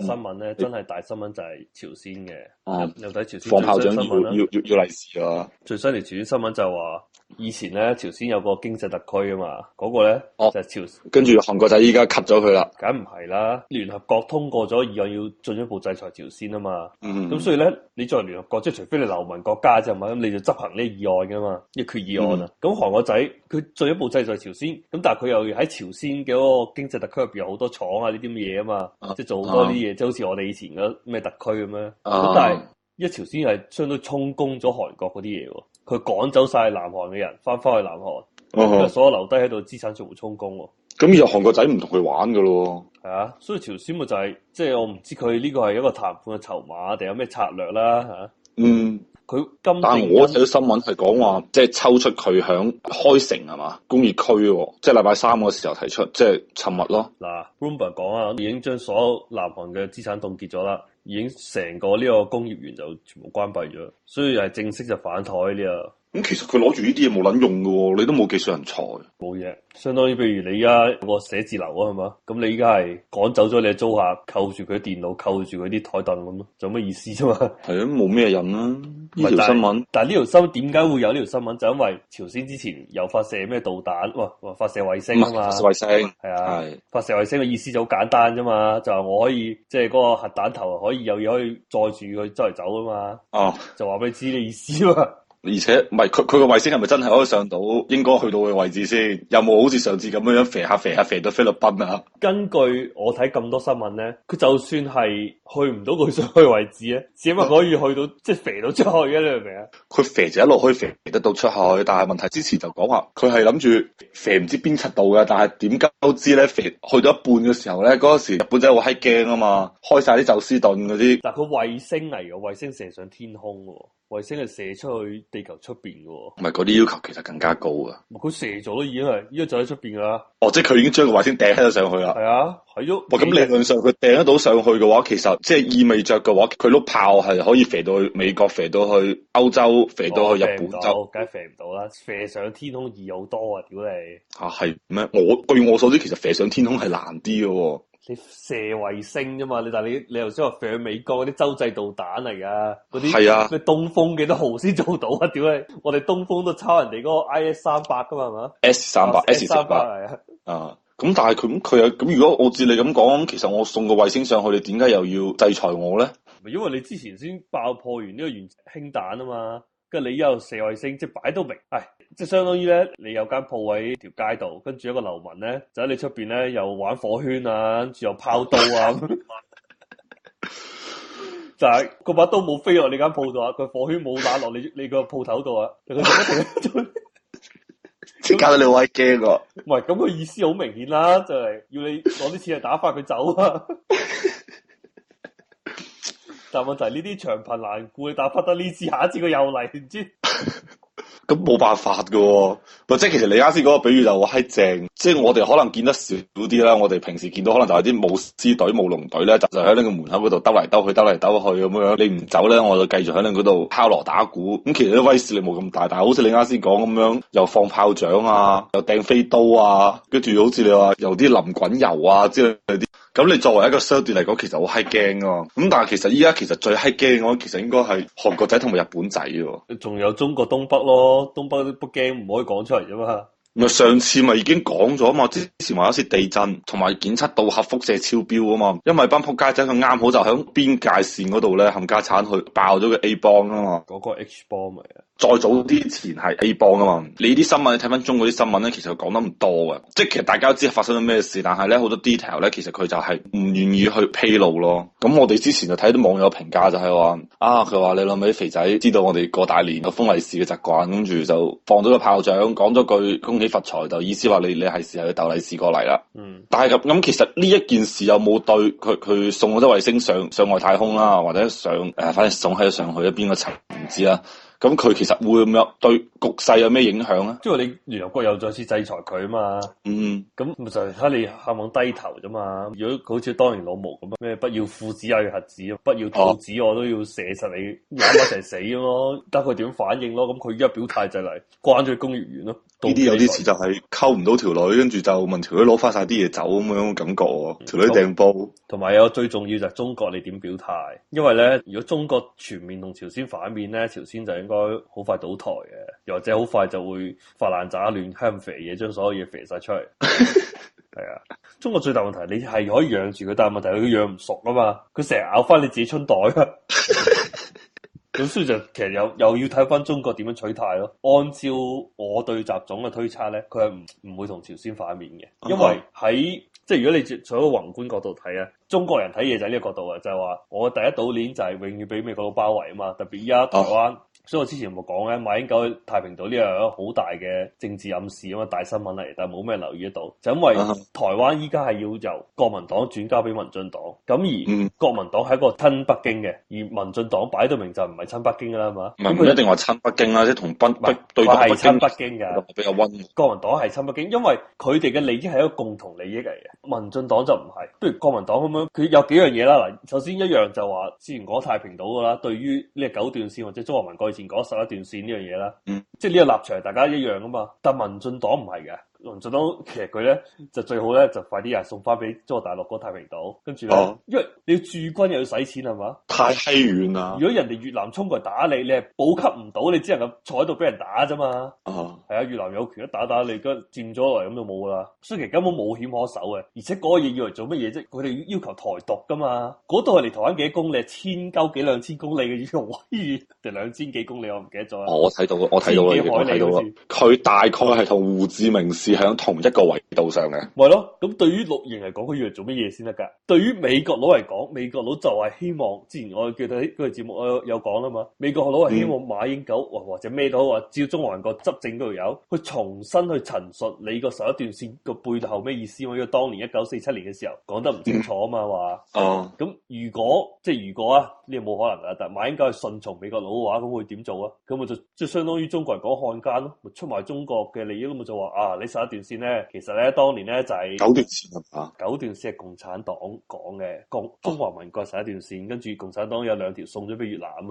新聞咧，真係大新聞，就係朝鮮嘅。又睇朝鮮最新嘅新聞要要要嚟事啦！最新嚟朝鮮新聞就話，以前咧朝鮮有個經濟特區啊嘛，嗰個咧，就係朝鮮跟住韓國仔依家 cut 咗佢啦。梗唔係啦，聯合國通過咗議案，要進一步制裁朝鮮啊嘛。咁所以咧，你作為聯合國，即係除非你流民國家啫嘛，咁你就執行呢個議案噶嘛，一決議案啊。咁韓國仔佢進一步制裁朝鮮，咁但係佢又喺朝鮮嘅嗰個經濟特區入邊有好多廠啊，呢啲嘢啊嘛，即係做好多啲。就好似我哋以前嗰咩特區咁啊，咁、uh, 但係一朝鮮係相當於充公咗韓國嗰啲嘢，佢趕走晒南韓嘅人，翻翻去南韓，uh huh. 所有留低喺度資產全部充公。咁而家韓國仔唔同佢玩噶咯，係啊，所以朝鮮咪就係、是，即、就、係、是、我唔知佢呢個係一個談判嘅籌碼定有咩策略啦、啊、吓。嗯、啊。Um, 佢今，但係我睇到新聞係講話，即係抽出佢喺開城係嘛工業區，即係禮拜三嗰時候提出，即係尋日咯。嗱，Bloomberg 講啊，已經將所有南韓嘅資產凍結咗啦，已經成個呢個工業園就全部關閉咗，所以係正式就反台呢個！咁其實佢攞住呢啲嘢冇捻用噶你都冇技術人才。冇嘢，相當於譬如你而家個寫字樓啊，係嘛？咁你而家係趕走咗你嘅租客，扣住佢嘅電腦，扣住佢啲台凳咁咯，就咩意思啫嘛？係啊，冇咩人啊，呢條新聞，但呢條新點解會有呢條新聞？就因為朝鮮之前又發射咩導彈哇，哇，發射衛星啊嘛。發射衛星係啊，發射衛星嘅的的意思就好簡單啫嘛，就係我可以即係嗰個核彈頭可以有嘢可以載住佢周圍走啊嘛。哦、嗯，啊、就話俾你知你意思啊。而且唔係佢，佢個衛星係咪真係可以上到應該去到嘅位置先？有冇好似上次咁樣樣肥下肥下肥到菲律賓啊？根據我睇咁多新聞咧，佢就算係去唔到佢想去嘅位置咧，起碼可以去到，啊、即係肥到出去嘅，你明唔明啊？佢肥就一路可以肥得到出去，但係問題，之前就講話佢係諗住肥唔知邊七度嘅，但係點解都知咧，肥去到一半嘅時候咧，嗰時日本仔會喺驚啊嘛，開晒啲宙斯盾嗰啲。但係佢衛星嚟嘅，衛星射上天空。衛星係射出去地球出邊嘅，唔係嗰啲要求其實更加高啊！佢射咗都已經係，依家就喺出邊啦。哦，即係佢已經將個衛星掟咗上去啦。係啊，係喎。咁、哦、理論上佢掟得到上去嘅話，其實即係意味着嘅話，佢碌炮係可以射到去美國，射到去歐洲，射到去日本就梗係射唔到，到啦。射上天空易好多啊！屌你吓係咩？我據我所知，其實射上天空係難啲嘅、哦。你射衛星啫嘛，你但係你你頭先話飛去美國嗰啲洲際導彈嚟噶，嗰啲係啊，咩東風幾多號先做到啊？屌你，我哋東風都抄人哋嗰個 I S 三百噶嘛？S 三百，S 三百係啊、嗯。咁但係佢佢又咁，如果我照你咁講，其實我送個衛星上去，你點解又要制裁我咧？係因為你之前先爆破完呢個原氫彈啊嘛，跟住你一路射衛星，即係擺到明係。即係相當於咧，你有間鋪位條街度，跟住一個流民咧，就喺你出邊咧，又玩火圈啊，又拋刀啊， 刀就係個把刀冇飛落你間鋪度啊，個火圈冇打落你你個鋪頭度啊，先搞到你好驚個。唔係咁個意思好明顯啦，就係、是、要你攞啲錢去打發佢走啊。 但係問題呢啲長貧難顧，打發得呢次，下一次佢又嚟，唔知。 咁冇辦法嘅喎、哦，或者其實你啱先嗰個比喻就話閪正。即係我哋可能見得少啲啦，我哋平時見到可能就係啲舞獅隊、舞龍隊咧，就就喺你個門口嗰度兜嚟兜去，兜嚟兜去咁樣。你唔走咧，我就繼續喺你嗰度敲鑼打鼓。咁其實威勢力冇咁大，但係好似你啱先講咁樣，又放炮仗啊，又掟飛刀啊，跟住好似你話有啲淋滾油啊之類嗰啲。咁你作為一個商店嚟講，其實好嗨驚啊！咁但係其實依家其實最嗨驚，我諗其實應該係韓國仔同埋日本仔喎、啊。仲有中國東北咯，東北啲北京唔可以講出嚟啫嘛。上次咪已經講咗嘛，之前話有次地震同埋檢測到核輻射超標啊嘛，因為班撲街仔佢啱好就喺邊界線嗰度咧冚家鏟去爆咗個 A 幫啊嘛，嗰個 H 幫嚟再早啲前係 A 波啊嘛，你啲新聞你睇翻中國嗰啲新聞咧，其實講得唔多嘅，即係其實大家都知發生咗咩事，但係咧好多 detail 咧，其實佢就係唔願意去披露咯。咁、嗯、我哋之前就睇啲網友評價，就係話啊，佢話你老味肥仔知道我哋過大年有封利是嘅習慣，跟住就放咗個炮仗，講咗句恭喜發財，就意思話你你係時候去逗利、嗯、是過嚟啦。嗯，但係咁咁其實呢一件事有冇對佢佢送嗰啲衛星上上外太空啦、啊，或者上誒，反正送喺上去一邊個層唔知啊。咁佢其實會唔會對局勢有咩影響啊？即係你聯合國又再次制裁佢啊嘛。嗯，咁就睇你肯望低頭啫嘛。如果好似當年老毛咁啊，咩不要父子也要核子，不要刀子我都要射實你，我一齊死咁咯。得佢點反應咯？咁佢而家表態就嚟關咗工業園咯。呢啲有啲似就係溝唔到條女，跟住就問條女攞翻晒啲嘢走咁樣嘅感覺。條女掟煲，同埋、嗯嗯嗯、有最重要就係中國你點表態？因為咧，如果中國全面同朝鮮反面咧，朝鮮就係。應該好快倒台嘅，又或者好快就會發爛渣亂香肥嘢，將所有嘢肥晒出嚟。係 啊，中國最大問題，你係可以養住佢，但係問題佢養唔熟啊嘛，佢成日咬翻你自己春袋。咁所以就其實又又要睇翻中國點樣取態咯。按照我對習總嘅推測咧，佢係唔唔會同朝鮮反面嘅，因為喺即係如果你從一個宏觀角度睇啊，中國人睇嘢就係呢個角度啊，就係話我第一島鏈就係永遠俾美國佬包圍啊嘛，特別而家台灣。Oh. 所以我之前冇講咧，馬英九去太平島呢樣好大嘅政治暗示啊嘛，大新聞嚟，但係冇咩留意得到，就因為台灣依家係要由國民黨轉交俾民進黨，咁而國民黨係一個親北京嘅，而民進黨擺到明就唔係親北京噶啦嘛。咁唔一定話親北京啦，即同同賓對住北京嘅，比較溫。國民黨係親北京，因為佢哋嘅利益係一個共同利益嚟嘅。民進黨就唔係，不如國民黨咁樣，佢有幾樣嘢啦。嗱，首先一樣就話之前講太平島噶啦，對於呢個九段線或者中華民國。前講十一段線呢樣嘢啦，嗯，即係呢個立場大家一樣噶嘛，但民進黨唔係嘅。就都其實佢咧就最好咧就快啲啊送翻俾中國大陸嗰太平島，跟住、就是，啊、因為你要駐軍又要使錢係嘛？太閪遠啦！如果人哋越南衝過嚟打你，你係補給唔到，你只能夠坐喺度俾人打啫嘛。哦、啊，係啊，越南有權一打打你，而家佔咗落嚟咁就冇啦。所以其實根本冇險可守嘅，而且嗰嘢以為做乜嘢啫？佢哋要求台獨㗎嘛？嗰度係嚟台灣幾公里？千幾幾兩千公里嘅，應該我定兩千幾公里我唔記得咗。我睇到，我睇到，我睇到佢次大概係同胡志明喺同一個維度上嘅，係咯。咁對於綠營嚟講，佢以嚟做乜嘢先得㗎？對於美國佬嚟講，美國佬就係希望，之前我記得喺嗰個節目我有講啦嘛，美國佬係希望馬英九或或者咩都好話，照中華民國執政度有，去重新去陳述你個十一段線個背後咩意思？我以為當年一九四七年嘅時候講得唔清楚啊嘛，話哦。咁如果即係如果啊？呢嘢冇可能㗎，但係馬應該係順從美國佬嘅話，咁會點做啊？咁我就即係相當於中國人講漢奸咯，出賣中國嘅利益咁就話啊！你十一段線咧，其實咧當年咧就係、是、九,九段線啊，九段線係共產黨講嘅，國中華民國十一段線，跟住共產黨有兩條送咗俾越南啊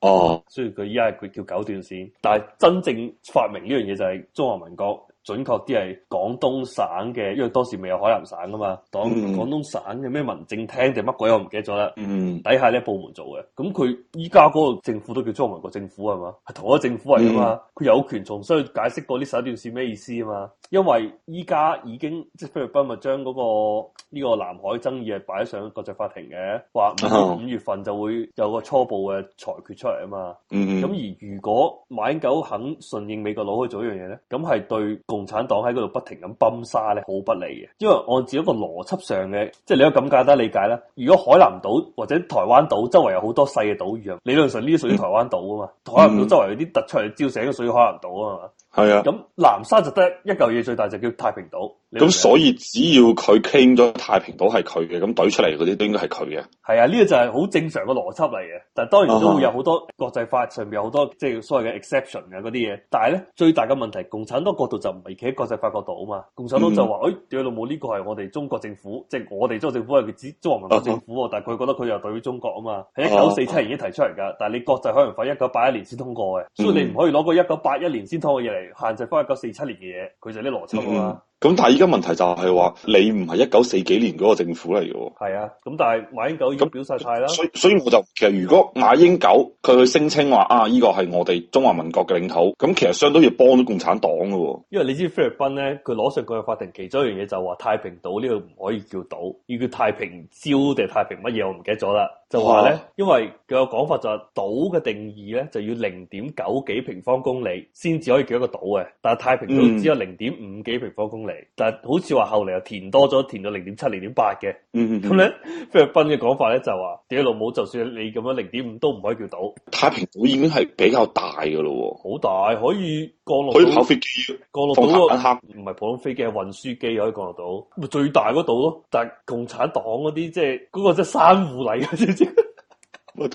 嘛，雖然佢依家佢叫九段線，但係真正發明呢樣嘢就係中華民國。準確啲係廣東省嘅，因為當時未有海南省噶嘛，當廣東省嘅咩民政廳定乜鬼我唔記得咗啦。嗯、底下呢部門做嘅，咁佢依家嗰個政府都叫中國，民國政府係嘛？係同一政府嚟噶嘛？佢有權重新去解釋過啲手段是咩意思啊嘛？因為依家已經即菲律賓咪將嗰個呢、這個南海爭議係擺上國際法庭嘅，話五五月份就會有個初步嘅裁決出嚟啊嘛。咁、嗯嗯、而如果馬英九肯順應美國佬去做一樣嘢咧，咁係對。共產黨喺嗰度不停咁崩沙咧，好不利嘅。因為按照一個邏輯上嘅，即係你都咁簡單理解啦。如果海南島或者台灣島周圍有好多細嘅島嶼啊，理論上呢啲屬於台灣島啊嘛。海南島周圍有啲突出嚟，照都屬於海南島啊嘛。係啊的。咁南沙就得一嚿嘢最大，就叫太平島。咁所以只要佢傾咗太平島係佢嘅，咁對出嚟嗰啲都應該係佢嘅。係啊，呢、這個就係好正常嘅邏輯嚟嘅。但係當然都會有好多國際法上面有好多即係所謂嘅 exception 嘅嗰啲嘢。但係咧，最大嘅問題，共產黨角度就唔係企喺國際法角度啊嘛。共產黨就話：，嗯、哎，屌老母呢、這個係我哋中國政府，即、就、係、是、我哋中國政府係指中華民國政府。嗯、但係佢覺得佢又代表中國啊嘛。係一九四七年已經提出嚟㗎，但係你國際海洋法一九八一年先通過嘅，所以你唔可以攞個一九八一年先通過嘅嘢嚟限制翻一九四七年嘅嘢。佢就係啲邏輯啊嘛。咁但係依家問題就係話你唔係一九四幾年嗰個政府嚟嘅喎，係啊，咁但係馬英九已經表晒態啦。所以所以我就其實如果馬英九佢去聲稱話啊呢、這個係我哋中華民國嘅領土，咁、嗯、其實相當於幫咗共產黨嘅喎。因為你知菲律賓咧，佢攞上佢嘅法庭，其中一樣嘢就話太平島呢個唔可以叫島，要叫太平礁定太平乜嘢，我唔記得咗啦。就話咧，因為佢個講法就係島嘅定義咧，就要零點九幾平方公里先至可以叫一個島嘅。但係太平島只有零點五幾平方公里，嗯、但係好似話後嚟又填多咗，填到零點七、零點八嘅。咁、嗯、咧，菲律賓嘅講法咧就話，屌老母就算你咁樣零點五都唔可以叫島。太平島已經係比較大嘅咯喎，好大，大可以。降落到普通飛機，降落到嗰個唔係普通飛機，係運輸機可以降落到，咪最大嗰度咯。但係共產黨嗰啲即係嗰個即係珊瑚嚟嘅，知唔知？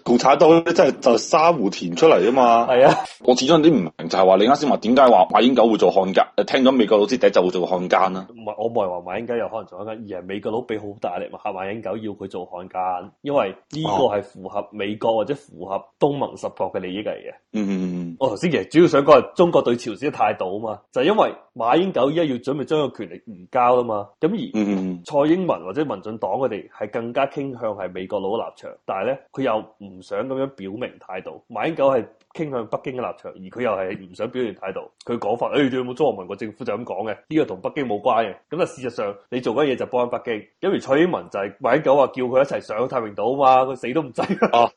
共產黨咧真係就沙湖填出嚟啊嘛。係啊，我始終有啲唔明，就係話你啱先話點解話馬英九會做漢奸？誒，聽咗美國老師第一就會做漢奸啦。唔係，我唔係話馬英九有可能做漢奸，而係美國佬俾好大力吓馬英九要佢做漢奸，因為呢個係符合美國或者符合東盟十國嘅利益嚟嘅。嗯嗯嗯嗯，我頭先其實主要想講係中國對朝鮮嘅態度啊嘛，就係因為馬英九而家要準備將個權力移交啦嘛，咁而蔡英文或者民進黨佢哋係更加傾向係美國佬立場，但係咧佢又。唔想咁樣表明態度，馬英九係傾向北京嘅立場，而佢又係唔想表現態度。佢講法，誒、哎，仲有冇中華民國政府就咁講嘅，呢、這個同北京冇關嘅。咁啊，事實上你做緊嘢就幫北京。因為蔡英文就係馬英九話叫佢一齊上太平島嘛，佢死都唔制。咁、啊、哈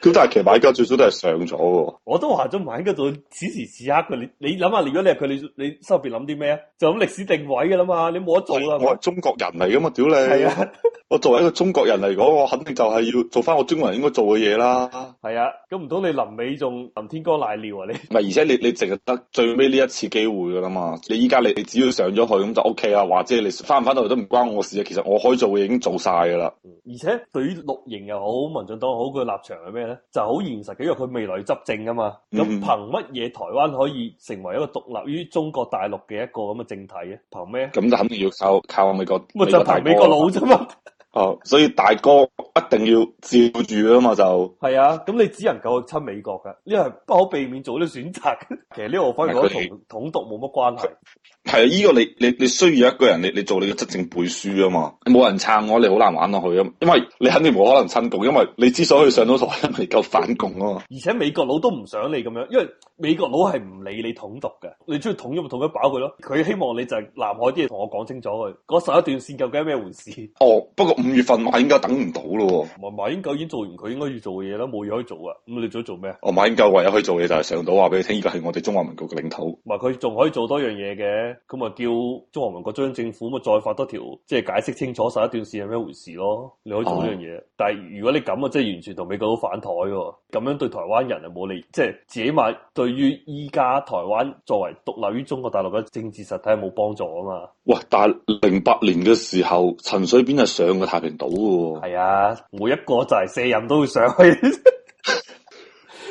但係其實馬英九最少都係上咗嘅。我都話咗馬英九喺嗰度，此時此刻，你你諗下，如果你係佢，你你心入邊諗啲咩啊？就諗歷史定位嘅啦嘛，你冇得做啦。對是是我係中國人嚟噶嘛，屌你。是啊 我作為一個中國人嚟講，我肯定就係要做翻我中國人應該做嘅嘢啦。係啊，咁唔通你臨尾仲臨天光賴尿啊？你唔係，而且你你淨係得最尾呢一次機會噶啦嘛。你依家你你只要上咗去咁就 O K 啊，或者你翻唔翻到去都唔關我事啊。其實我可以做嘅已經做晒噶啦。而且對於綠營又好，民進黨好，佢立場係咩咧？就好現實嘅，因為佢未來執政啊嘛。咁憑乜嘢台灣可以成為一個獨立於中國大陸嘅一個咁嘅政體啊？憑咩？咁就肯定要靠靠美國。就憑美國佬啫嘛。 所以大哥一定要照住啊嘛，就係啊，咁你只能夠去親美國嘅，因為不可避免做啲選擇。 其實呢個反而我同統獨冇乜關係。係啊，呢個你你你需要一個人，你你做你嘅執政背書啊嘛，冇人撐我，你好難玩落去啊。因為你肯定冇可能親共，因為你之所以上到台，係夠反共啊嘛。而且美國佬都唔想你咁樣，因為美國佬係唔理你統獨嘅，你中意統一咪統一，把佢咯。佢希望你就係南海啲嘢同我講清楚佢嗰十一段線究竟係咩回事。哦，不過。五月份馬英九等唔到咯，馬英九已經做完佢應該要做嘅嘢啦，冇嘢可以做啊。咁你仲要做咩？哦，馬英九唯有可以做嘢就係上島話俾你聽，依個係我哋中華民國嘅領土。唔係佢仲可以做多樣嘢嘅，咁啊叫中華民國中央政府咁啊再發多條，即係解釋清楚十一段線係咩回事咯。你可以做呢樣嘢，啊、但係如果你咁啊，即係完全同美國都反台喎，咁樣對台灣人啊冇利，即係自己嘛，對於依家台灣作為獨立於中國大陸嘅政治實體冇幫助啊嘛。哇！但係零八年嘅時候陳水扁係上嘅。太平島嘅係啊，每一個就係卸任都會上去。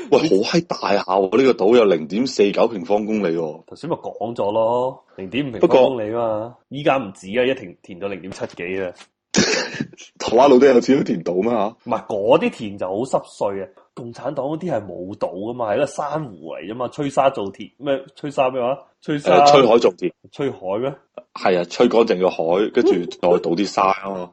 喂，好閪大下喎、啊！呢、這個島有零點四九平方公里，頭先咪講咗咯，零點五平方公里啊公里嘛。依家唔止啊，一停填，填到零點七幾啊。台灣都有錢都填到咩？吓，唔係嗰啲填就好濕碎啊。共產黨嗰啲係冇島噶嘛，係一個珊瑚嚟啫嘛，吹沙造鐵咩？吹沙咩話？吹沙？呃、吹海造鐵？吹海咩？係 啊，吹乾淨嘅海，跟住再倒啲沙啊嘛。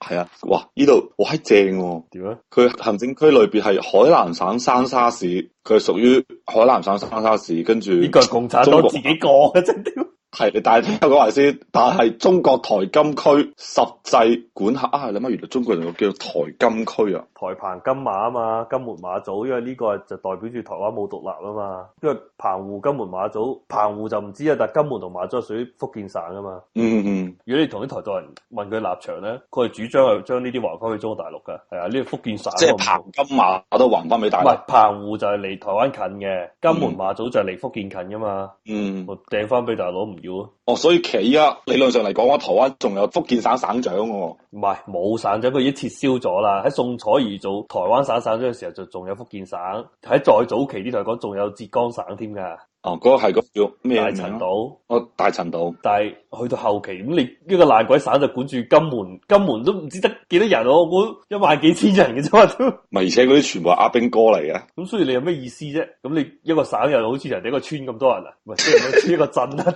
係啊，哇！呢度哇，正喎。點啊？佢樣行政區裏邊係海南省三沙市，佢係屬於海南省三沙市，跟住呢個係共產黨自己講嘅真係，但係聽我講埋先。但係中國台金區實際管轄啊，你、哎、諗下，原來中國人叫台金區啊。台澎金馬啊嘛，金門馬祖，因為呢個就代表住台灣冇獨立啊嘛。因為澎湖金門馬祖，澎湖就唔知啊，但金門同馬祖屬於福建省啊嘛。嗯嗯。嗯如果你同啲台獨人問佢立場咧，佢係主張係將呢啲還翻去中國大陸噶，係啊，呢、這個福建省。即係澎金馬我都還翻俾大陸。唔係澎湖就係離台灣近嘅，金門馬祖就係離福建近噶嘛嗯。嗯。我掟翻俾大佬。哦，所以其實，理論上嚟講，我台灣仲有福建省省長喎。哦，唔係，冇省長，佢已經撤銷咗啦。喺宋楚瑜做台灣省省長嘅時候，就仲有福建省，喺再早期啲嚟講，仲有浙江省添噶。哦，嗰、嗰個係個叫咩名啊？大陳島，大陳島。但係去到後期，咁你呢個爛鬼省就管住金門，金門都唔知得幾多人，我估一萬幾千人嘅啫嘛。唔係，而且嗰啲全部係阿兵哥嚟嘅。咁所以你有咩意思啫？咁你一個省又好似人哋一個村咁多人啊？唔係，即係、一個鎮啊？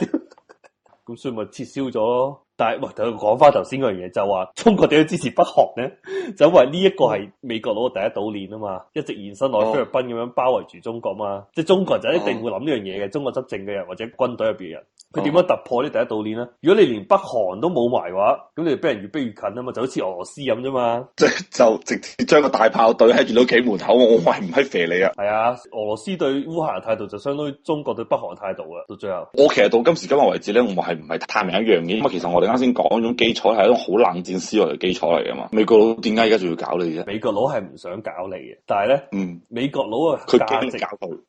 咁 所以咪撤銷咗。但係，喂，同佢講翻頭先嗰樣嘢，就話中國點樣支持北韓咧？ 就因為呢一個係美國佬嘅第一道鏈啊嘛，一直延伸落去菲律賓咁樣包圍住中國嘛。即、就、係、是、中國就一定會諗呢樣嘢嘅。嗯、中國執政嘅人或者軍隊入邊嘅人，佢點樣突破呢第一島鏈咧？如果你連北韓都冇埋嘅話，咁你俾人越逼越近啊嘛，就好似俄羅斯咁啫嘛。即係就，就直接將個大炮隊喺住屋企門口，我係唔係嚇你啊？係啊，俄羅斯對烏克蘭嘅態度就相當於中國對北韓嘅態度啦。到最後，我其實到今時今日為止咧，我係唔係太明一樣嘢。咁啊，其實我哋。啱先講嗰種基礎係一種好冷戰思維嘅基礎嚟啊嘛，美國佬點解而家仲要搞你啫？美國佬係唔想搞你嘅，但係咧，嗯，美國佬啊，佢價值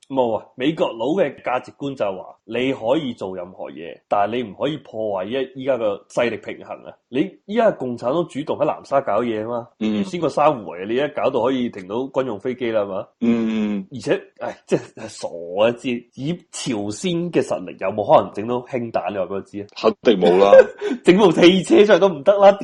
冇啊。美國佬嘅價值觀就係話你可以做任何嘢，但係你唔可以破壞依依家嘅勢力平衡啊！你依家共產黨主動喺南沙搞嘢啊嘛，嗯、先個沙湖，嚟，你一搞到可以停到軍用飛機啦嘛，嗯，而且唉，即係傻啊，知，以朝鮮嘅實力有冇可能整到氫彈？你話俾我知啊，肯定冇啦。 整部汽車上都唔得啦！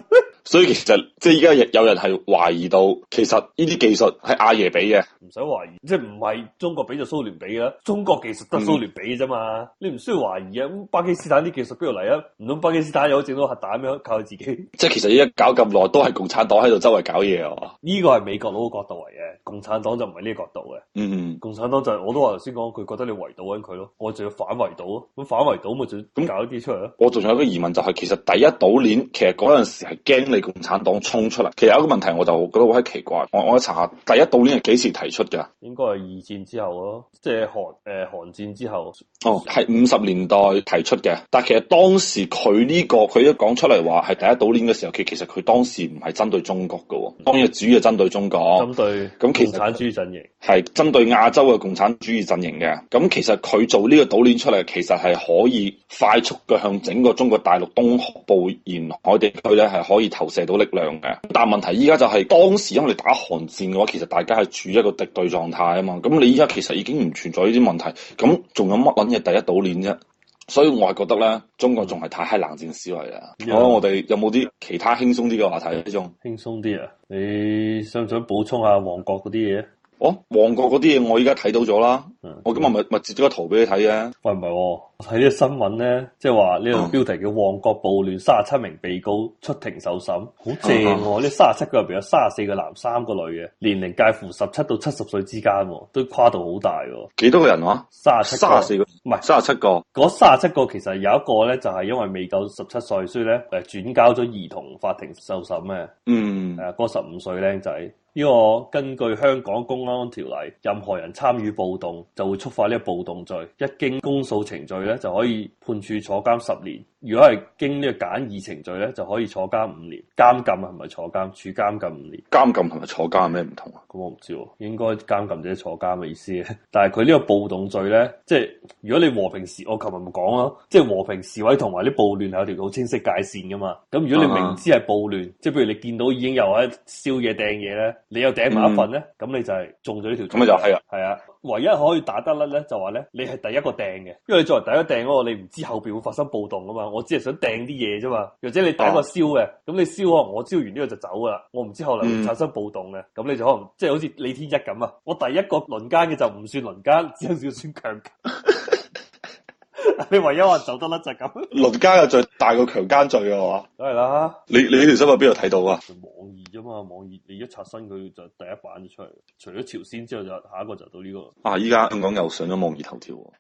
所以其實即係而家有人係懷疑到，其實呢啲技術係阿爺俾嘅，唔使懷疑，即係唔係中國俾就蘇聯俾嘅，中國技術得蘇聯俾啫嘛，嗯、你唔需要懷疑啊。咁巴基斯坦啲技術邊度嚟啊？唔通巴基斯坦有整到核彈咩？靠自己。即係其實而家搞咁耐，都係共產黨喺度周圍搞嘢啊嘛。呢個係美國佬嘅角度嚟嘅，共產黨就唔係呢個角度嘅。嗯嗯，共產黨就係、我都話頭先講，佢覺得你圍堵緊佢咯，我仲要反圍堵啊。咁反圍到咪就咁搞一啲出嚟咯。我仲有一個疑問就係、是，其實第一島鏈，其實嗰陣時係驚共產黨衝出嚟，其實有一個問題我就覺得好係奇怪，我我查下第一島鏈係幾時提出嘅？應該係二戰之後咯，即係韓誒，韓、呃、戰之後哦，係五十年代提出嘅。但係其實當時佢呢、這個佢一講出嚟話係第一島鏈嘅時候，佢其實佢當時唔係針對中國噶，當然主要係針對中國，針對共產主義陣營，係針對亞洲嘅共產主義陣營嘅。咁其實佢做呢個島鏈出嚟，其實係可以快速嘅向整個中國大陸東部沿海地區咧，係可以投。射到力量嘅，但係問題依家就係、是、當時因為打韓戰嘅話，其實大家係處於一個敵對狀態啊嘛。咁你依家其實已經唔存在呢啲問題，咁仲有乜搵嘢第一島鏈啫？所以我係覺得咧，中國仲係太喺冷戰思維啦。咁、啊啊、我哋有冇啲其他輕鬆啲嘅話題呢？種輕鬆啲啊？你想唔想補充下旺角嗰啲嘢？我、哦、旺角嗰啲嘢，我而家睇到咗啦。我今日咪咪截咗個圖俾你睇啊，喂，唔係，睇呢個新聞咧，即係話呢個標題叫《旺角暴亂》，三十七名被告出庭受審，好正喎！呢三十七個入邊有三十四個男，三個女嘅，年齡介乎十七到七十歲之間、哦，都跨度好大、哦。幾多個人啊？三十七個，三十四個，唔係三十七個。嗰三十七個其實有一個咧，就係、是、因為未夠十七歲，所以咧誒轉交咗兒童法庭受審嘅。嗯，誒，嗰十五歲僆仔。呢個根據香港公安條例，任何人參與暴動就會觸發呢個暴動罪。一經公訴程序咧，就可以判處坐監十年。如果係經呢個簡易程序咧，就可以坐監五年。監禁係咪坐監？處監禁五年。監禁同埋坐監咩唔同啊？我唔知喎，應該監禁即係坐監嘅意思。但係佢呢個暴動罪咧，即係如果你和平示，我琴日講咯，即係和平示威同埋啲暴亂係有條好清晰界線嘅嘛。咁如果你明知係暴亂，即係譬如你見到已經有喺燒嘢掟嘢咧。你又掟埋一份咧，咁、嗯、你就係中咗呢條，咁咪就係、是、啦，係啊的，唯一可以打得甩咧就話咧，你係第一個掟嘅。因為你作為第一個掟嗰個，你唔知後面會發生暴動噶嘛，我只係想掟啲嘢啫嘛。或者你第一個燒嘅，咁、嗯、你燒我，可能我燒完呢個就走噶啦，我唔知後嚟會產生暴動嘅，咁、嗯、你就可能即係、就是、好似李天一咁啊，我第一個輪姦嘅就唔算輪姦，至少算強姦。 你唯一話走得甩就咁，輪姦嘅罪大過強姦罪啊嘛，梗係啦。你你呢條新聞邊度睇到啊？網易啫嘛，網易你一刷新佢就第一版就出嚟。除咗朝鮮之後，就下一個就到呢個。啊，依家香港又上咗網易頭條。